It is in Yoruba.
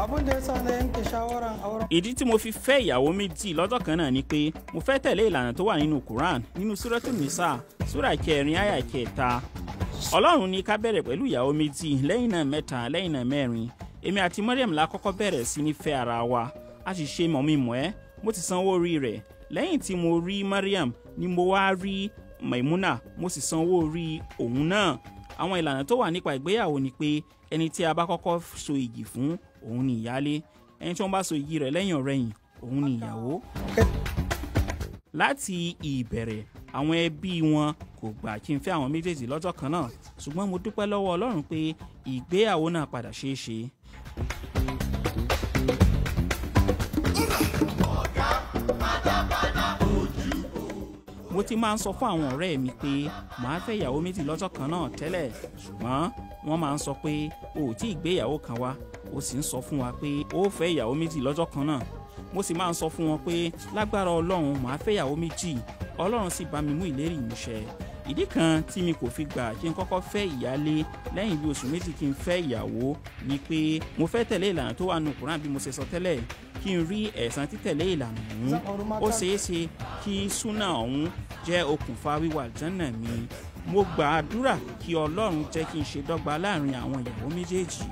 abin da ya sa na yanke shawaran auren. ìdí tí mo fi fẹ́ ìyàwó méjì lọ́jọ́ kan náà ni pé mo fẹ́ tẹ̀lé ìlànà tó wà nínú Quran nínú Suratul Nisa súrà kẹrin àyà kẹta Ọlọ́run ní ká bẹ̀rẹ̀ pẹ̀lú ìyàwó méjì lẹ́yìn náà mẹ́ta lẹ́yìn náà mẹ́rin èmi àti Mariam la kọ́kọ́ bẹ̀rẹ̀ sí ní fẹ́ ara wa a sì ṣe mọ̀mímọ̀ ẹ́ mo ti sanwó orí rẹ̀ lẹ́yìn tí mo rí Mariam ni mo wá rí Maimuna mo sì sanwó orí òun náà àwọn ìlànà tó wà nípa ìgbéyàwó ni pé ẹni tí a bá kọ́kọ́ so ìgì fún òun ni ìyálé ẹni tí wọ́n bá so ìgì rẹ̀ lẹ́yìn ọ̀rẹ́yìn òun ni ìyàwó. láti ìbẹ̀rẹ̀ àwọn ẹbí wọn kò gbà kí n fẹ́ àwọn méjèèjì lọ́jọ́ kan náà ṣùgbọ́n mo dúpẹ́ lọ́wọ́ Ọlọ́run pé ìgbéyàwó náà padà ṣeé ṣe. mo ti máa ń sọ fún àwọn ọ̀rẹ́ mi pé màá fẹ́ ìyàwó méjì lọ́jọ́ kan náà tẹ́lẹ̀ ṣùgbọ́n wọ́n máa ń sọ pé o ò tí ì gbé ìyàwó kan wá o sì ń sọ fún wa pé o fẹ́ ìyàwó méjì lọ́jọ́ kan náà mo sì máa ń sọ fún wọn pé lágbára ọlọ́run màá fẹ́ ìyàwó méjì ọlọ́run sì bá mi mú ìlérí mi ṣẹ ìdí kan tí mi kò fi gbà kí n kọ́kọ́ fẹ́ ìyálé lẹ́yìn bí oṣù méjì kí n fẹ́ ìyàwó ni pé mo fẹ́ tẹ̀lé ìlànà tó wà nù kúrán bí mo ṣe sọ tẹ́lẹ̀ kí n rí ẹ̀san títẹ̀lé ìlànà ọ̀hún ó ṣeé kí súnà ọ̀hún jẹ́ okùnfà wíwà àlùjànnà mi mo gbà àdúrà kí ọlọ́run jẹ́ kí n ṣe dọ́gba láàrin àwọn ìyàwó méjèèjì.